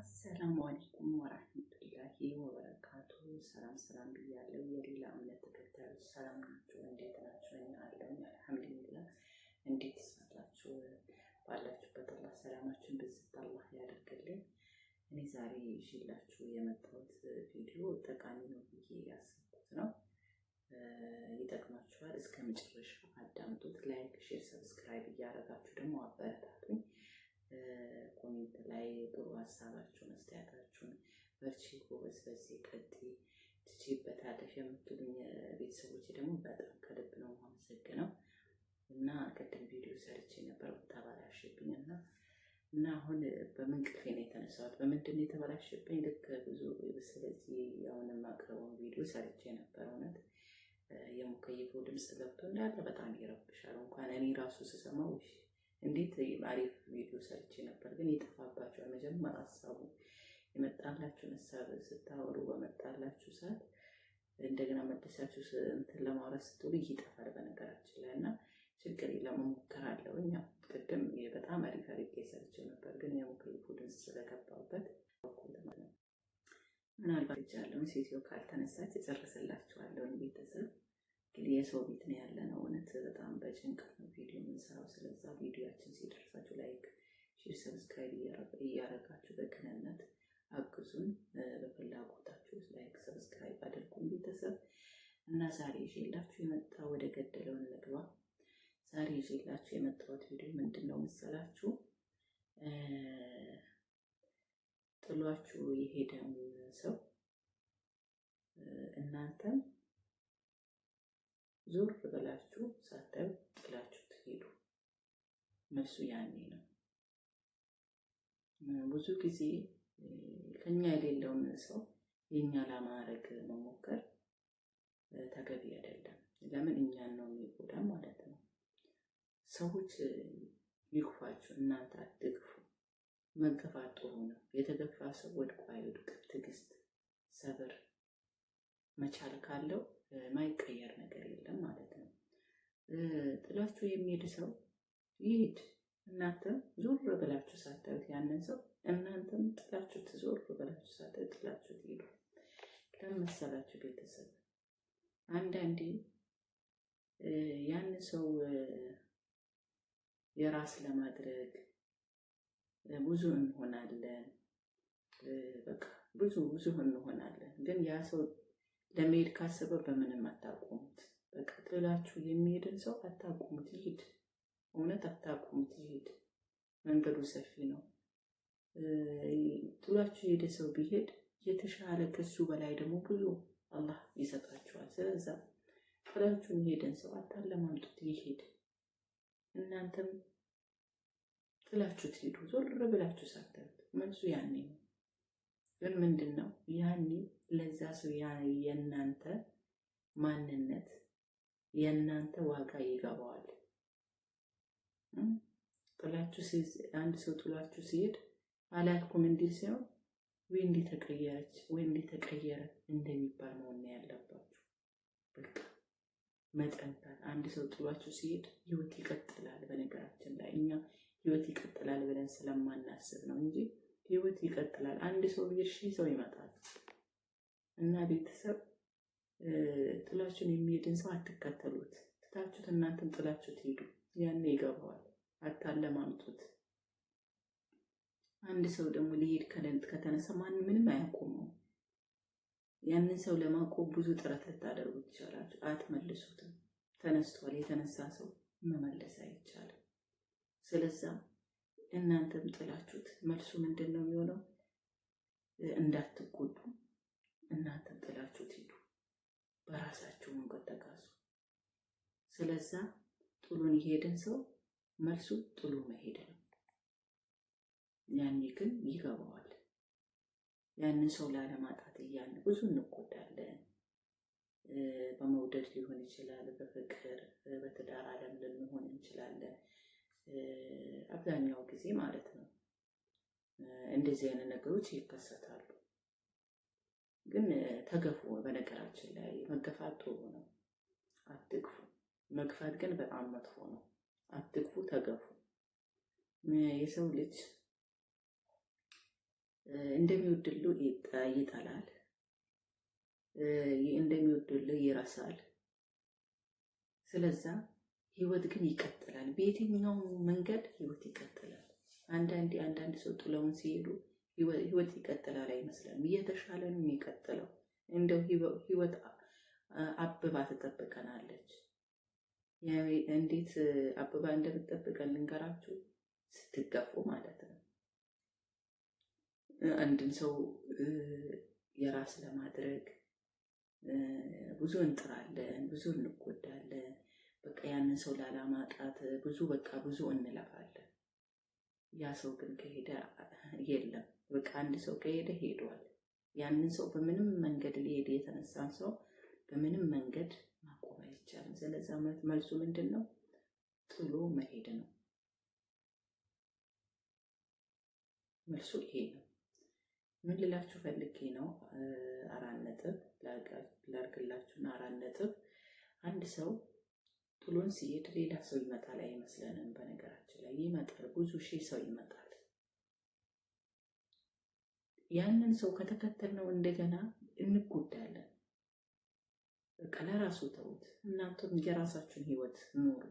አሰላሙ አለይኩም ወራህመቱላሂ ወበረካቱ። ሰላም ሰላም ብያለሁ። የሌላ እምነት ተከታዮች ሰላም ናችሁ? እንዴት ናችሁ? እኛ አለሁኝ አልሐምዱሊላህ። እንዴት ስላላችሁ ባላችሁበት አላህ ሰላማችሁን ብዝት አላህ ያደርግልን። እኔ ዛሬ ይዤላችሁ የመጣሁት ቪዲዮ ጠቃሚ ነው ብዬ ያሰብኩት ነው። ይጠቅማችኋል። እስከ መጨረሻ አዳምጡት። ላይክ፣ ሼር፣ ሰብስክራይብ እያደረጋችሁ ደግሞ አበረታ ኮሜንት ላይ ጥሩ ሀሳባችሁን አስተያየታችሁን፣ በርቺ ጎበዝ፣ በዚህ ቀጥይ፣ ትችይበታለሽ የምትሉኝ ቤተሰቦች ደግሞ በጣም ከልብ ነው የማመሰግነው እና ቅድም ቪዲዮ ሰርች ነበር ተበላሽብኝ እና እና አሁን በምንቅፌ ነው የተነሳሁት። በምንድን ነው የተበላሽብኝ? ልክ ብዙ ስለዚህ አሁን የማቅርበውን ቪዲዮ ሰርች ነበር እውነት የሙከይፈው ድምፅ ገብቶ እንዳለ በጣም ይረብሻል። እንኳን እኔ ራሱ ስሰማው እንዴት አሪፍ ቪዲዮ ሰርቼ ነበር፣ ግን ይጠፋባቸዋል። መጀመሪያ ሀሳቡ የመጣላችሁን ሀሳብ ስታወሩ በመጣላችሁ ሰዓት እንደገና መደሳችሁ እንትን ለማውራት ስትሉ ይጠፋል። በነገራችን ላይ እና ችግር ለመሞከር አለው እኛ ቅድም በጣም አሪፍ አሪፍ ሰርቼ ነበር፣ ግን ያው የሞክሪኩ ድምፅ ስለገባበት ምናልባት ጃለውን ሴትዮ ካልተነሳች እጨርስላችኋለሁ ቤተሰብ የሰው ቤት ነው ያለ ነው። እውነት በጣም በጭንቀት ነው ቪዲዮ የምንሰራው። ስለዛ ቪዲዮችን ሲደርሳችሁ ላይክ፣ ሼር፣ ሰብስክራይብ እያረጋችሁ በቅንነት አግዙን። በፍላጎታችሁ ላይክ፣ ሰብስክራይብ አድርጉን ቤተሰብ እና ዛሬ ይዤላችሁ የመጣ ወደ ገደለውን ምግባ ዛሬ ይዤላችሁ የመጣሁት ቪዲዮ ምንድን ነው መሰላችሁ? ጥሏችሁ የሄደን ሰው እናንተም ዞር ብላችሁ ሳታዩ ጥላችሁ ትሄዱ። መልሱ ያኔ ነው። ብዙ ጊዜ ከኛ የሌለውን ሰው የኛ ለማድረግ መሞከር ተገቢ አይደለም። ለምን እኛን ነው የሚጎዳ ማለት ነው። ሰዎች ይግፋችሁ፣ እናንተ አትግፉ። መገፋት ጥሩ ነው። የተገፋ ሰው ወድቆ አይወድቅም። ትዕግስት፣ ሰብር መቻል ካለው ማይቀየር ነገር የለም ማለት ነው። ጥላችሁ የሚሄድ ሰው ይሄድ እናንተም ዞር ብላችሁ ሳታዩት ያንን ሰው እናንተም ጥላችሁት ዞር ብላችሁ ሳታዩት ጥላችሁ ትሄዱ። ለመሰላችሁ ቤተሰብ አንዳንዴ ያን ሰው የራስ ለማድረግ ብዙ እንሆናለን። በቃ ብዙ ብዙ እንሆናለን፣ ግን ያ ሰው ለመሄድ ካሰበ በምንም አታቆሙት። በቃ ጥላችሁ የሚሄድን ሰው አታቆሙት፣ ይሄድ። እውነት አታቆሙት፣ ይሄድ። መንገዱ ሰፊ ነው። ጥሏችሁ የሄደ ሰው ቢሄድ የተሻለ ከሱ በላይ ደግሞ ብዙ አላህ ይሰጣችኋል። ስለዛ ጥላችሁን የሄደን ሰው አታለማምጡት፣ ይሄድ። እናንተም ጥላችሁ ትሄዱ ዞር ብላችሁ ሳታዩት መልሱ ያኔ ነው። ግን ምንድን ነው ያኔ ለዛ ሰው የእናንተ ማንነት የእናንተ ዋጋ ይገባዋል። ጥላችሁ አንድ ሰው ጥላችሁ ሲሄድ አላልኩም እንዲህ ሲሆን ወይ እንዲህ ተቀየረች ወይ እንዲህ ተቀየረ እንደሚባል መሆን ያለባችሁ። በቃ መጠንታት። አንድ ሰው ጥሏችሁ ሲሄድ ህይወት ይቀጥላል። በነገራችን ላይ እኛ ህይወት ይቀጥላል ብለን ስለማናስብ ነው እንጂ ህይወት ይቀጥላል። አንድ ሰው ቢሄድ ሺህ ሰው ይመጣል። እና ቤተሰብ ጥላችሁን የሚሄድን ሰው አትከተሉት። ትታችሁት እናንተም ጥላችሁት ሄዱ። ያኔ ይገባዋል። አታለማምጡት። አንድ ሰው ደግሞ ሊሄድ ከተነሳ ማን ምንም አያቆመው። ያንን ሰው ለማቆም ብዙ ጥረት ልታደርጉ ትችላላችሁ። አትመልሱትም። ተነስቷል። የተነሳ ሰው መመለስ አይቻልም። ስለዛም እናንተም ጥላችሁት መልሱ ምንድን ነው የሚሆነው? እንዳትጎዱ እናንተን ጥላችሁት ሂዱ። በራሳችሁ መንገድ ተጓዙ። ስለዛ ጥሉን የሄደን ሰው መልሱ ጥሉ መሄድ ነው። ያኔ ግን ይገባዋል። ያንን ሰው ላለማጣት እያለ ብዙ እንጎዳለን። በመውደድ ሊሆን ይችላል፣ በፍቅር በትዳር አለም ልንሆን እንችላለን። አብዛኛው ጊዜ ማለት ነው እንደዚህ አይነት ነገሮች ይከሰታሉ። ግን ተገፉ። በነገራችን ላይ መገፋት ጥሩ ነው፣ አትግፉ። መግፋት ግን በጣም መጥፎ ነው፣ አትግፉ፣ ተገፉ። የሰው ልጅ እንደሚወድሉ ይጠላል፣ እንደሚወድሉ ይረሳል። ስለዛ ህይወት ግን ይቀጥላል። በየትኛው መንገድ ህይወት ይቀጥላል። አንዳንዴ አንዳንድ ሰው ጥለውን ሲሄዱ ህይወት ይቀጥላል አይመስልም። እየተሻለ ነው የሚቀጥለው። እንደው ህይወት አብባ ትጠብቀናለች። እንዴት አብባ እንደምትጠብቀን ልንገራችሁ፣ ስትገፉ ማለት ነው። አንድን ሰው የራስ ለማድረግ ብዙ እንጥራለን፣ ብዙ እንጎዳለን። በቃ ያንን ሰው ላለማጣት ብዙ በቃ ብዙ እንለፋለን። ያ ሰው ግን ከሄደ የለም። በቃ አንድ ሰው ከሄደ ሄዷል። ያንን ሰው በምንም መንገድ ሊሄድ የተነሳን ሰው በምንም መንገድ ማቆም አይቻልም። ስለዚ መልሱ ምንድን ነው? ጥሎ መሄድ ነው። መልሱ ይሄ ነው። ምን ልላችሁ ፈልጌ ነው? አራት ነጥብ ላርግላችሁና አራት ነጥብ አንድ ሰው ጥሎን ሲሄድ ሌላ ሰው ይመጣል አይመስለንም። በነገራችን ላይ ይመጣል፣ ብዙ ሺህ ሰው ይመጣል። ያንን ሰው ከተከተልነው እንደገና እንጎዳለን። በቃ ለራሱ ተውት፣ እናንተም የራሳችሁን ህይወት ኑሩ።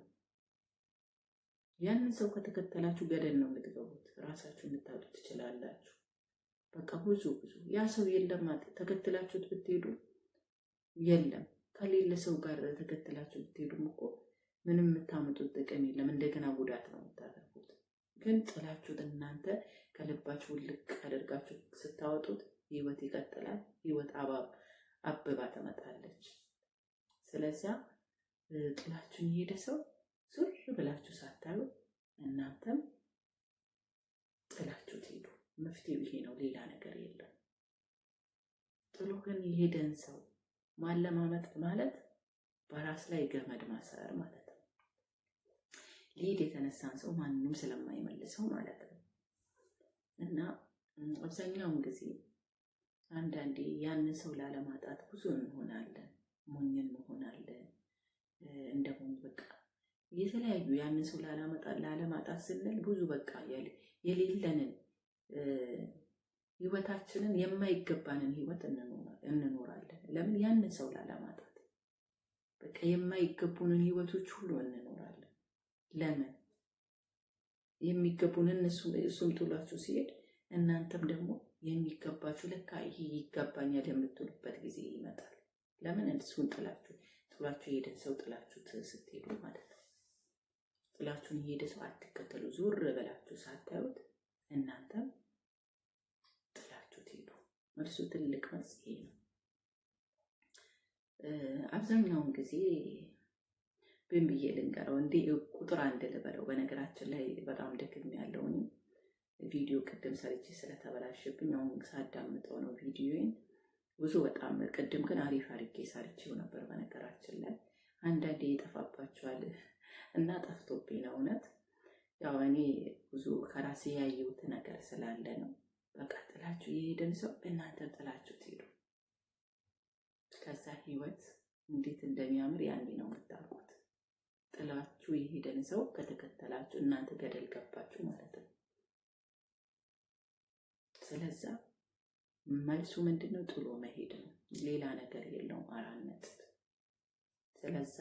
ያንን ሰው ከተከተላችሁ ገደል ነው የምትገቡት፣ ራሳችሁን ልታጡ ትችላላችሁ። በቃ ብዙ ብዙ ያ ሰው የለም ተከትላችሁት ብትሄዱ የለም ከሌለ ሰው ጋር ተከትላችሁ ብትሄዱም እኮ ምንም የምታመጡት ጥቅም የለም። እንደገና ጉዳት ነው የምታደርጉት። ግን ጥላችሁት እናንተ ከልባችሁ ውልቅ አድርጋችሁ ስታወጡት ህይወት ይቀጥላል። ህይወት አበባ ትመጣለች። ስለዚያ ጥላችሁን የሄደ ሰው ዙር ብላችሁ ሳታዩ እናንተም ጥላችሁት ሄዱ። መፍትሄ ይሄ ነው፣ ሌላ ነገር የለም። ጥሎ ግን የሄደን ሰው ማለማመጥ ማለት በራስ ላይ ገመድ ማሰር ማለት ነው። ሊድ የተነሳን ሰው ማንም ስለማይመልሰው ማለት ነው። እና አብዛኛውን ጊዜ አንዳንዴ ያን ሰው ላለማጣት ብዙ እንሆናለን፣ ሞኝ እንሆናለን። እንደሞኝ በቃ የተለያዩ ያን ሰው ላለማጣት ስንል ብዙ በቃ የሌለንን ህይወታችንን የማይገባንን ህይወት እንኖራለን። ለምን ያን ሰው ላለማጣት በቃ የማይገቡንን ህይወቶች ሁሉ እንኖራለን። ለምን የሚገቡን እሱም ጥሏችሁ ሲሄድ እናንተም ደግሞ የሚገባችሁ ልካ ይሄ ይገባኛል የምትሉበት ጊዜ ይመጣል። ለምን እሱን ጥላችሁ ጥሏችሁ የሄደ ሰው ጥላችሁ ስትሄዱ ማለት ነው። ጥላችሁን የሄደ ሰው አትከተሉ። ዙር በላችሁ ሳታዩት እናንተም ጥላችሁ ትሄዱ። መልሱ ትልቅ መልስ ይሄ ነው። አብዛኛውን ጊዜ ብን ብዬ ልንገረው እንዴ ቁጥር አንድ ልበለው። በነገራችን ላይ በጣም ደክም ያለው ቪዲዮ ቅድም ሰርቼ ስለተበላሸብኝ አሁን ሳዳምጠው ነው ቪዲዮን ብዙ በጣም ቅድም ግን አሪፍ አድርጌ ሰርቼው ነበር። በነገራችን ላይ አንዳንዴ የጠፋባቸዋል እና ጠፍቶብኝ ነው እውነት። ያው እኔ ብዙ ከራሴ ያየሁት ነገር ስላለ ነው። በቃ ጥላችሁ የሄደን ሰው እናንተ ጥላችሁ ትሄዱ። ከዛ ህይወት እንዴት እንደሚያምር ያኔ ነው የምታውቁት። ጥላችሁ የሄደን ሰው ከተከተላችሁ እናንተ ገደል ገባችሁ ማለት ነው። ስለዛ መልሱ ምንድን ነው? ጥሎ መሄድ ነው። ሌላ ነገር የለውም። አራነት ስለዛ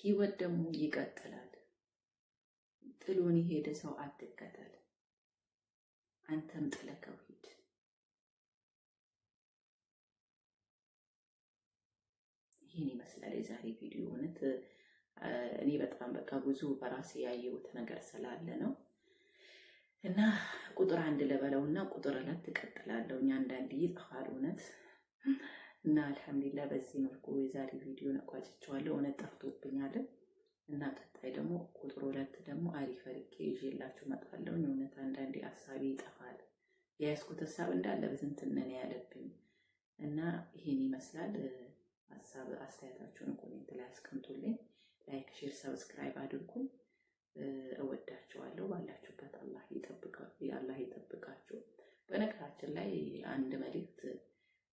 ህይወት ደግሞ ይቀጥላል። ጥሎን የሄደ ሰው አትከተል፣ አንተም ጥለከው ሂድ። ይህን ይመስላል የዛሬ ቪዲዮ እውነት እኔ በጣም በቃ ብዙ በራሴ ያየሁት ነገር ስላለ ነው። እና ቁጥር አንድ ልበለው እና ቁጥር ሁለት እቀጥላለሁ። እኛ አንዳንድ ይጠፋል እውነት እና አልሐምዱሊላ በዚህ መልኩ የዛሬ ቪዲዮ ነቋጭቸዋለሁ። እውነት ጠፍቶብኛለን እና ቀጣይ ደግሞ ቁጥር ሁለት ደግሞ አሪፍ አድርጌ ይዤላችሁ እውነት አንዳንዴ ሀሳቤ ይጠፋል። የያዝኩት ሀሳብ እንዳለ ብዝንትነን ያለብኝ እና ይሄን ይመስላል። ሀሳብ አስተያየታችሁን ኮሜንት ላይ አስቀምጡልኝ። ላይክ፣ ሼር፣ ሰብስክራይብ አድርጉን። እወዳችኋለሁ። ባላችሁበት አላህ ይጠብቃችሁ። በነገራችን ላይ አንድ መልእክት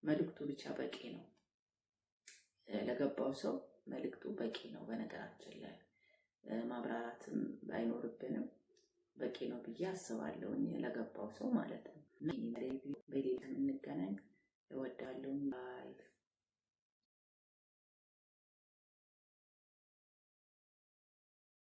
መልእክቱ ብቻ በቂ ነው። ለገባው ሰው መልእክቱ በቂ ነው። በነገራችን ላይ ማብራራትም አይኖርብንም። በቂ ነው ብዬ አስባለሁ ለገባው ሰው ማለት ነው። በሌላ እንገናኝ። እወዳለሁ።